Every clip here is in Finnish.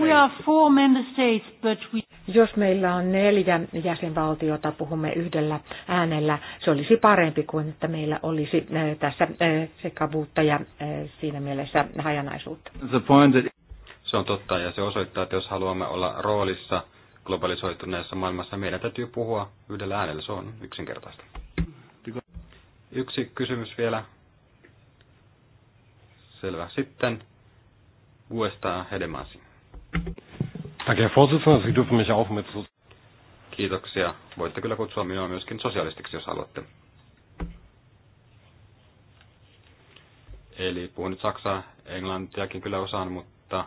we are four member states, but we... Jos meillä on neljä jäsenvaltiota, puhumme yhdellä äänellä, se olisi parempi kuin, että meillä olisi tässä sekavuutta ja siinä mielessä hajanaisuutta. Se on totta ja se osoittaa, että jos haluamme olla roolissa globalisoituneessa maailmassa, meidän täytyy puhua yhdellä äänellä. Se on yksinkertaista. Yksi kysymys vielä. Selvä. Sitten uudestaan Hedemansin. Danke, Herr Vorsitzender. Sie dürfen mich auch mit Kiitoksia. Voitte kyllä kutsua minua myöskin sosialistiksi, jos haluatte. Eli puhun nyt saksaa, englantiakin kyllä osaan, mutta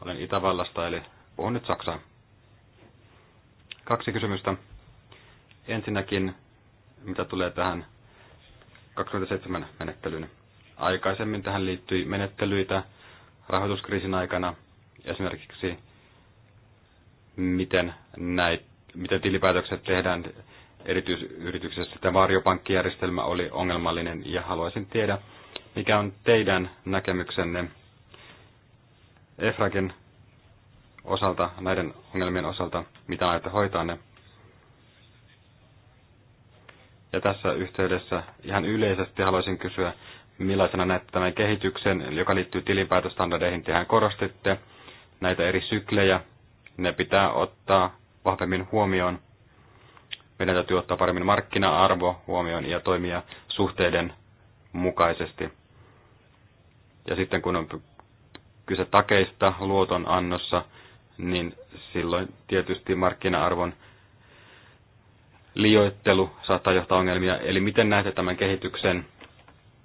olen Itävallasta, eli puhun nyt saksaa. Kaksi kysymystä. Ensinnäkin, mitä tulee tähän 27 menettelyyn. Aikaisemmin tähän liittyi menettelyitä rahoituskriisin aikana esimerkiksi miten, näit, miten tilipäätökset tehdään erityisyrityksessä. Tämä varjopankkijärjestelmä oli ongelmallinen ja haluaisin tiedä, mikä on teidän näkemyksenne EFRAGin osalta, näiden ongelmien osalta, mitä aiotte hoitaa ne. Ja tässä yhteydessä ihan yleisesti haluaisin kysyä, millaisena näette tämän kehityksen, joka liittyy tilinpäätöstandardeihin. Tehän korostitte, näitä eri syklejä. Ne pitää ottaa vahvemmin huomioon. Meidän täytyy ottaa paremmin markkina-arvo huomioon ja toimia suhteiden mukaisesti. Ja sitten kun on kyse takeista luoton annossa, niin silloin tietysti markkina-arvon liioittelu saattaa johtaa ongelmia. Eli miten näette tämän kehityksen,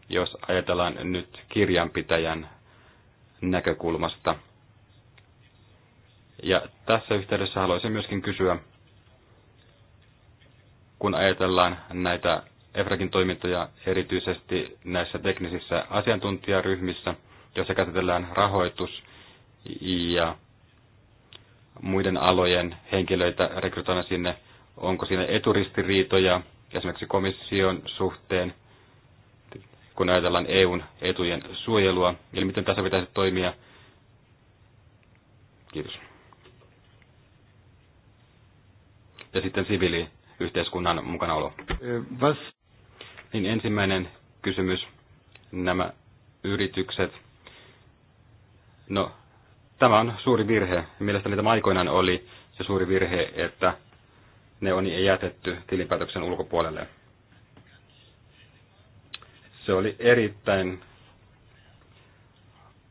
jos ajatellaan nyt kirjanpitäjän näkökulmasta? Ja tässä yhteydessä haluaisin myöskin kysyä, kun ajatellaan näitä EFRAKin toimintoja erityisesti näissä teknisissä asiantuntijaryhmissä, joissa käsitellään rahoitus ja muiden alojen henkilöitä rekrytoidaan sinne, onko siinä eturistiriitoja esimerkiksi komission suhteen, kun ajatellaan EUn etujen suojelua, eli miten tässä pitäisi toimia. Kiitos. ja sitten siviiliyhteiskunnan mukanaolo. Was? Niin ensimmäinen kysymys, nämä yritykset. No, tämä on suuri virhe. Mielestäni tämä aikoinaan oli se suuri virhe, että ne on jätetty tilinpäätöksen ulkopuolelle. Se oli erittäin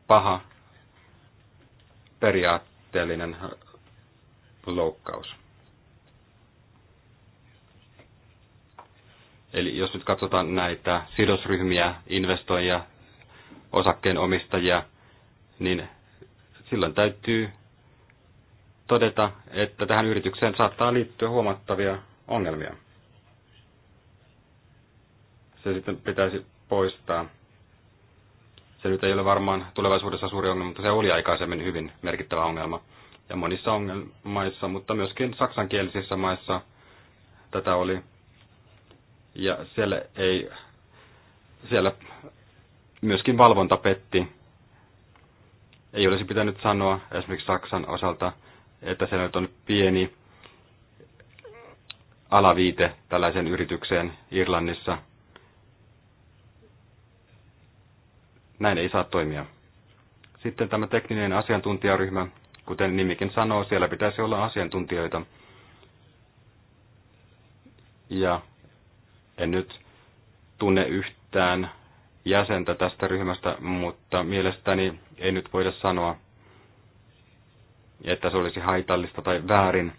paha periaatteellinen loukkaus. Eli jos nyt katsotaan näitä sidosryhmiä, investoijia, osakkeenomistajia, niin silloin täytyy todeta, että tähän yritykseen saattaa liittyä huomattavia ongelmia. Se sitten pitäisi poistaa. Se nyt ei ole varmaan tulevaisuudessa suuri ongelma, mutta se oli aikaisemmin hyvin merkittävä ongelma. Ja monissa ongelmaissa, mutta myöskin saksankielisissä maissa tätä oli ja siellä, ei, siellä myöskin valvonta petti. Ei olisi pitänyt sanoa esimerkiksi Saksan osalta, että se on pieni alaviite tällaisen yritykseen Irlannissa. Näin ei saa toimia. Sitten tämä tekninen asiantuntijaryhmä, kuten nimikin sanoo, siellä pitäisi olla asiantuntijoita. Ja en nyt tunne yhtään jäsentä tästä ryhmästä, mutta mielestäni ei nyt voida sanoa, että se olisi haitallista tai väärin,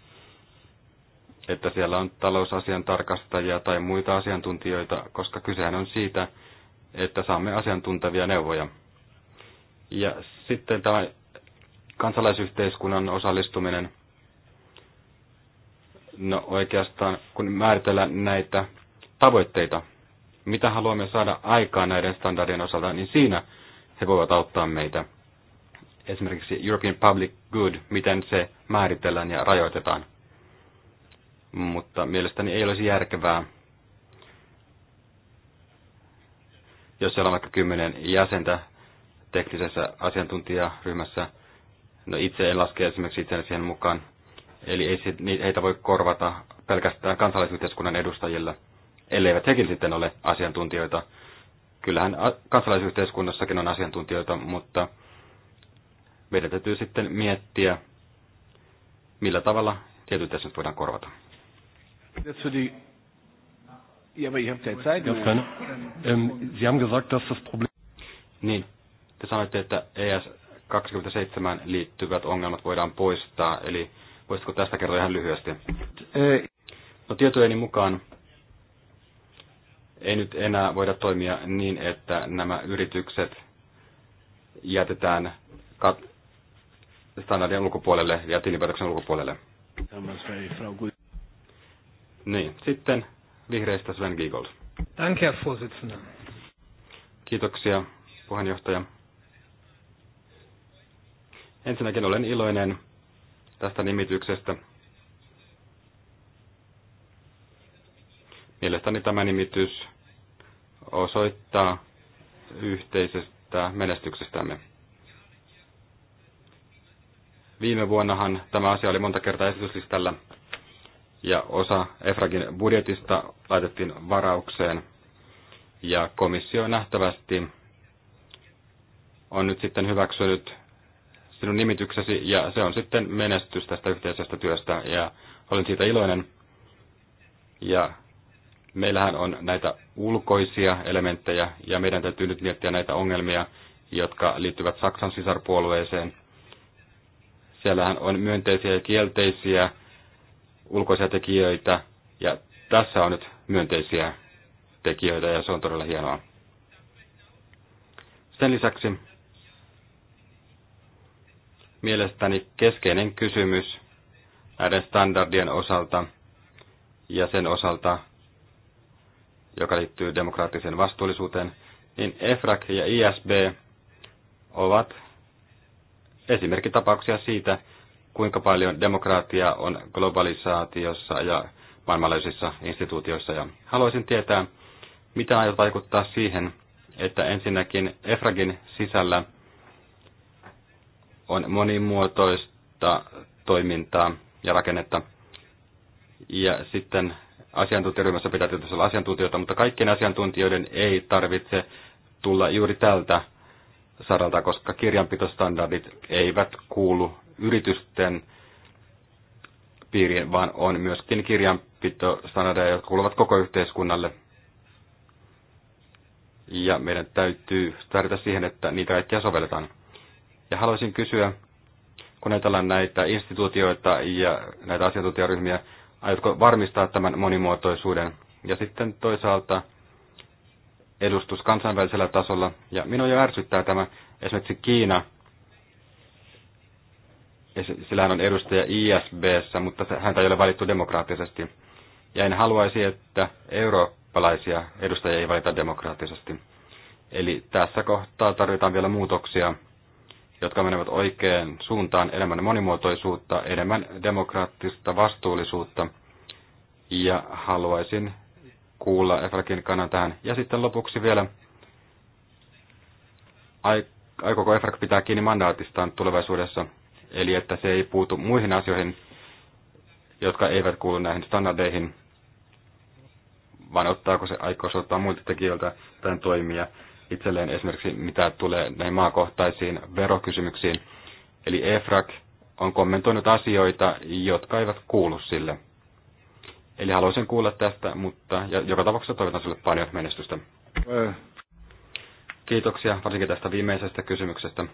että siellä on talousasian tarkastajia tai muita asiantuntijoita, koska kysehän on siitä, että saamme asiantuntevia neuvoja. Ja sitten tämä kansalaisyhteiskunnan osallistuminen, no oikeastaan kun määritellään näitä tavoitteita, mitä haluamme saada aikaan näiden standardien osalta, niin siinä he voivat auttaa meitä. Esimerkiksi European Public Good, miten se määritellään ja rajoitetaan. Mutta mielestäni ei olisi järkevää, jos siellä on vaikka kymmenen jäsentä teknisessä asiantuntijaryhmässä, no itse en laske esimerkiksi itseäni siihen mukaan, eli ei heitä voi korvata pelkästään kansalaisyhteiskunnan edustajilla – elleivät hekin sitten ole asiantuntijoita. Kyllähän kansalaisyhteiskunnassakin on asiantuntijoita, mutta meidän täytyy sitten miettiä, millä tavalla tietyt nyt voidaan korvata. Ähm, niin, te sanoitte, että ES 27 liittyvät ongelmat voidaan poistaa, eli voisitko tästä kertoa ihan lyhyesti? Äh. No tietojeni mukaan ei nyt enää voida toimia niin, että nämä yritykset jätetään kat- standardien ulkopuolelle ja tilinpäätöksen ulkopuolelle. Niin, sitten vihreistä Sven Giegold. Danke, Herr Kiitoksia, puheenjohtaja. Ensinnäkin olen iloinen tästä nimityksestä. Mielestäni tämä nimitys osoittaa yhteisestä menestyksestämme. Viime vuonnahan tämä asia oli monta kertaa esityslistalla ja osa EFRAGin budjetista laitettiin varaukseen. Ja komissio nähtävästi on nyt sitten hyväksynyt sinun nimityksesi ja se on sitten menestys tästä yhteisestä työstä ja olen siitä iloinen. Ja Meillähän on näitä ulkoisia elementtejä ja meidän täytyy nyt miettiä näitä ongelmia, jotka liittyvät Saksan sisarpuolueeseen. Siellähän on myönteisiä ja kielteisiä ulkoisia tekijöitä ja tässä on nyt myönteisiä tekijöitä ja se on todella hienoa. Sen lisäksi mielestäni keskeinen kysymys näiden standardien osalta ja sen osalta, joka liittyy demokraattiseen vastuullisuuteen, niin EFRAC ja ISB ovat esimerkkitapauksia siitä, kuinka paljon demokraatia on globalisaatiossa ja maailmanlaajuisissa instituutioissa. Ja haluaisin tietää, mitä aiot vaikuttaa siihen, että ensinnäkin EFRAGin sisällä on monimuotoista toimintaa ja rakennetta, ja sitten Asiantuntijaryhmässä pitää tietysti olla asiantuntijoita, mutta kaikkien asiantuntijoiden ei tarvitse tulla juuri tältä saralta, koska kirjanpitostandardit eivät kuulu yritysten piiriin, vaan on myöskin kirjanpitostandardeja, jotka kuuluvat koko yhteiskunnalle. Ja meidän täytyy tarvita siihen, että niitä kaikkia sovelletaan. Ja haluaisin kysyä, kun ajatellaan näitä instituutioita ja näitä asiantuntijaryhmiä, Aiotko varmistaa tämän monimuotoisuuden? Ja sitten toisaalta edustus kansainvälisellä tasolla. Ja minua jo ärsyttää tämä esimerkiksi Kiina. Sillä on edustaja ISBssä, mutta häntä ei ole valittu demokraattisesti. Ja en haluaisi, että eurooppalaisia edustajia ei valita demokraattisesti. Eli tässä kohtaa tarvitaan vielä muutoksia jotka menevät oikeaan suuntaan, enemmän monimuotoisuutta, enemmän demokraattista vastuullisuutta. Ja haluaisin kuulla Efrakin kannan tähän. Ja sitten lopuksi vielä, aikooko Efrak pitää kiinni mandaatistaan tulevaisuudessa, eli että se ei puutu muihin asioihin, jotka eivät kuulu näihin standardeihin, vaan ottaako se aikoo ottaa muilta tekijöiltä tämän toimia itselleen esimerkiksi mitä tulee näihin maakohtaisiin verokysymyksiin. Eli EFRAC on kommentoinut asioita, jotka eivät kuulu sille. Eli haluaisin kuulla tästä, mutta ja joka tapauksessa toivotan sinulle paljon menestystä. Kiitoksia varsinkin tästä viimeisestä kysymyksestä.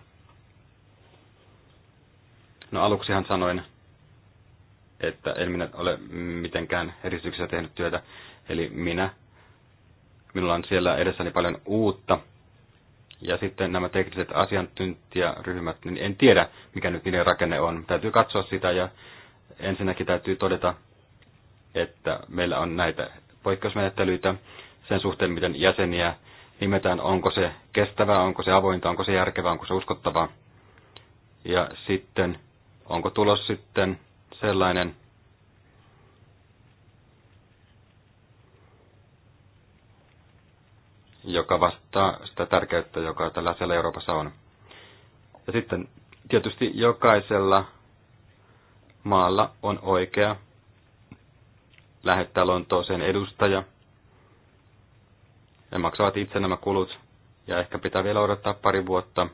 No aluksihan sanoin, että en minä ole mitenkään edistyksessä tehnyt työtä, eli minä Minulla on siellä edessäni paljon uutta. Ja sitten nämä tekniset asiantuntijaryhmät, niin en tiedä, mikä nyt niiden rakenne on. Täytyy katsoa sitä ja ensinnäkin täytyy todeta, että meillä on näitä poikkeusmenettelyitä sen suhteen, miten jäseniä nimetään, onko se kestävää, onko se avointa, onko se järkevää, onko se uskottavaa. Ja sitten, onko tulos sitten sellainen, joka vastaa sitä tärkeyttä, joka tällä siellä Euroopassa on. Ja sitten tietysti jokaisella maalla on oikea lähettää Lontooseen edustaja. Ne maksavat itse nämä kulut ja ehkä pitää vielä odottaa pari vuotta.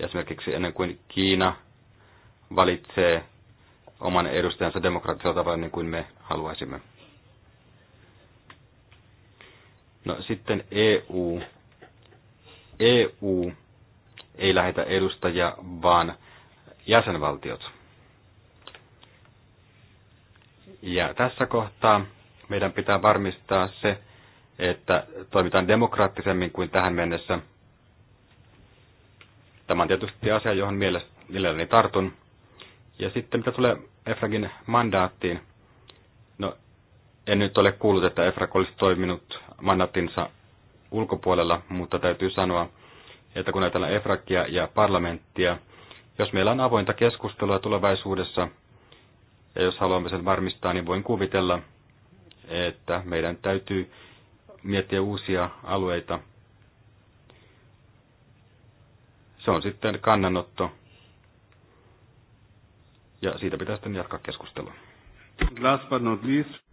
Esimerkiksi ennen kuin Kiina valitsee oman edustajansa demokraattisella tavalla niin kuin me haluaisimme. No sitten EU. EU ei lähetä edustajia, vaan jäsenvaltiot. Ja tässä kohtaa meidän pitää varmistaa se, että toimitaan demokraattisemmin kuin tähän mennessä. Tämä on tietysti asia, johon mielelläni tartun. Ja sitten mitä tulee EFRAGin mandaattiin, no en nyt ole kuullut, että EFRAK olisi toiminut mandatinsa ulkopuolella, mutta täytyy sanoa, että kun ajatellaan EFRAKia ja parlamenttia, jos meillä on avointa keskustelua tulevaisuudessa, ja jos haluamme sen varmistaa, niin voin kuvitella, että meidän täytyy miettiä uusia alueita. Se on sitten kannanotto, ja siitä pitää sitten jatkaa keskustelua. Last but not least.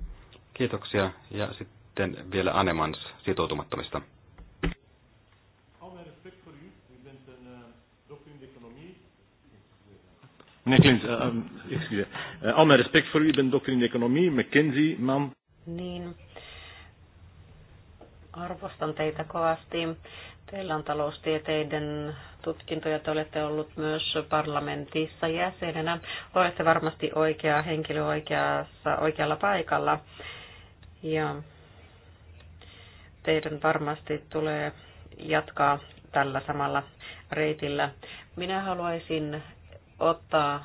Kiitoksia. Ja sitten vielä Anemans sitoutumattomista. Meneer Klint, uh, Uh, al mijn respect voor u, u bent dokter in de economie, McKinsey, man. Niin. Arvostan teitä kovasti. Teillä on taloustieteiden tutkintoja, te olette ollut myös parlamentissa jäsenenä. Olette varmasti oikea henkilö oikeassa, oikealla paikalla. Ja teidän varmasti tulee jatkaa tällä samalla reitillä. Minä haluaisin ottaa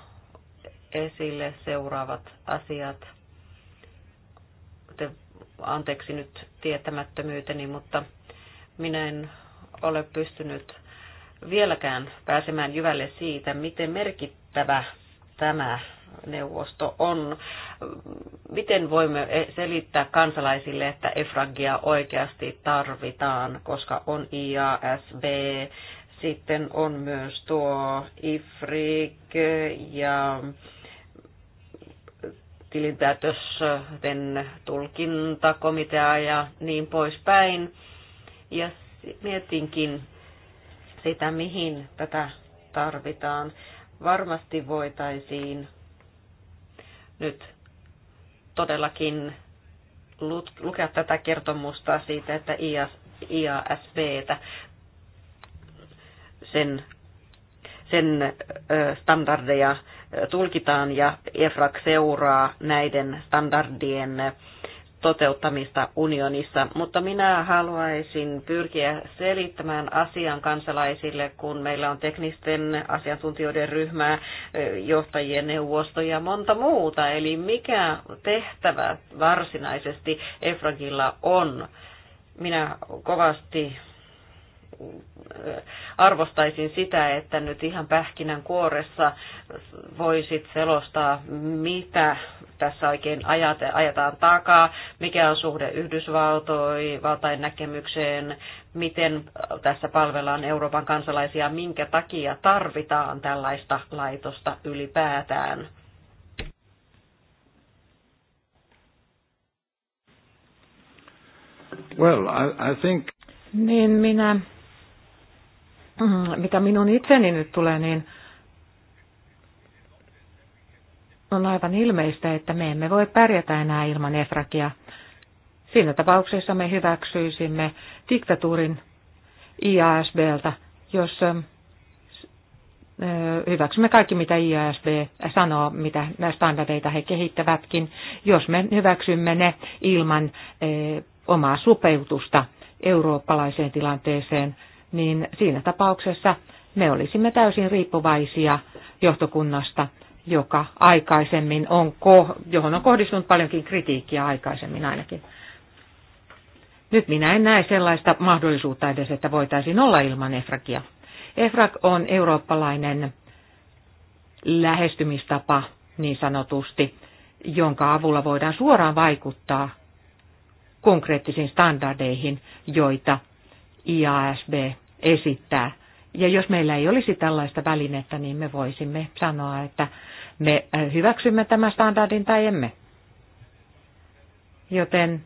esille seuraavat asiat. anteeksi nyt tietämättömyyteni, mutta minä en ole pystynyt vieläkään pääsemään jyvälle siitä, miten merkittävä tämä neuvosto on. Miten voimme selittää kansalaisille, että EFRAGia oikeasti tarvitaan, koska on IASB, sitten on myös tuo IFRIC ja tilinpäätösten tulkintakomitea ja niin poispäin. Ja mietinkin sitä, mihin tätä tarvitaan. Varmasti voitaisiin nyt todellakin lukea tätä kertomusta siitä, että IASV, sen, sen standardeja tulkitaan ja EFRAC seuraa näiden standardien toteuttamista unionissa, mutta minä haluaisin pyrkiä selittämään asian kansalaisille, kun meillä on teknisten asiantuntijoiden ryhmää, johtajien neuvosto ja monta muuta. Eli mikä tehtävä varsinaisesti EFRAGilla on? Minä kovasti arvostaisin sitä, että nyt ihan pähkinän kuoressa voisit selostaa, mitä tässä oikein ajate, ajetaan takaa, mikä on suhde Yhdysvaltain näkemykseen, miten tässä palvellaan Euroopan kansalaisia, minkä takia tarvitaan tällaista laitosta ylipäätään. Well, I, I think... Niin minä Mm, mitä minun itseni nyt tulee, niin on aivan ilmeistä, että me emme voi pärjätä enää ilman Efrakia. Siinä tapauksessa me hyväksyisimme diktatuurin IASBltä, jos hyväksymme kaikki, mitä IASB sanoo, mitä standardeita he kehittävätkin, jos me hyväksymme ne ilman omaa sopeutusta eurooppalaiseen tilanteeseen – niin siinä tapauksessa me olisimme täysin riippuvaisia johtokunnasta, joka aikaisemmin on, johon on kohdistunut paljonkin kritiikkiä aikaisemmin ainakin. Nyt minä en näe sellaista mahdollisuutta edes, että voitaisiin olla ilman EFRAKia. EFRAK on eurooppalainen lähestymistapa niin sanotusti, jonka avulla voidaan suoraan vaikuttaa konkreettisiin standardeihin, joita IASB esittää. Ja jos meillä ei olisi tällaista välinettä, niin me voisimme sanoa, että me äh, hyväksymme tämän standardin tai emme. Joten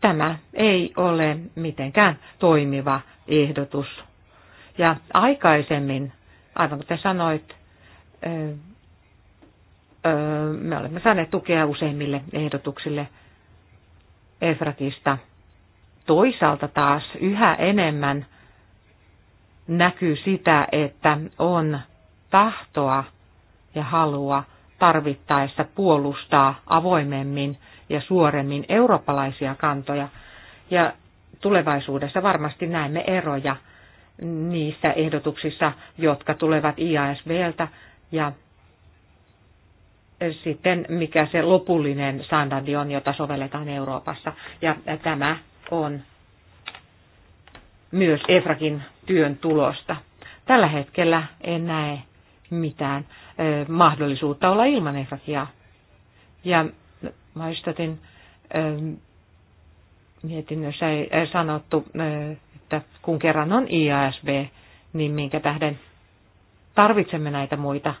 tämä ei ole mitenkään toimiva ehdotus. Ja aikaisemmin, aivan kuten sanoit, äh, äh, me olemme saaneet tukea useimmille ehdotuksille Efratista – Toisaalta taas yhä enemmän näkyy sitä, että on tahtoa ja halua tarvittaessa puolustaa avoimemmin ja suoremmin eurooppalaisia kantoja. Ja tulevaisuudessa varmasti näemme eroja niissä ehdotuksissa, jotka tulevat IASVltä ja sitten mikä se lopullinen standardi on, jota sovelletaan Euroopassa. Ja tämä on myös EFRAKin työn tulosta. Tällä hetkellä en näe mitään ö, mahdollisuutta olla ilman EFRAKia. Ja Maistatin ö, mietinnössä ei sanottu, ö, että kun kerran on IASB, niin minkä tähden tarvitsemme näitä muita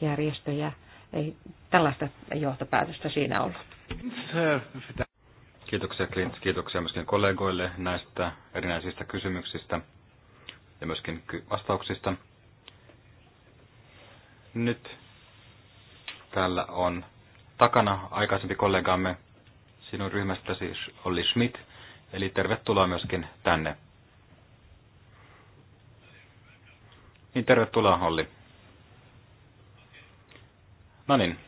järjestöjä. Ei tällaista johtopäätöstä siinä ollut. Kiitoksia Clint, kiitoksia myöskin kollegoille näistä erinäisistä kysymyksistä ja myöskin vastauksista. Nyt täällä on takana aikaisempi kollegaamme sinun ryhmästäsi Olli Schmidt, eli tervetuloa myöskin tänne. Niin tervetuloa Olli. No niin.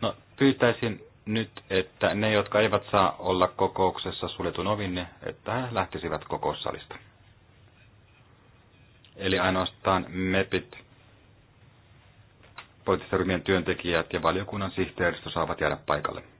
No pyytäisin nyt, että ne, jotka eivät saa olla kokouksessa suljetun ovin, että he lähtisivät kokoussalista. Eli ainoastaan MEPit, poliittisten ryhmien työntekijät ja valiokunnan sihteeristö saavat jäädä paikalle.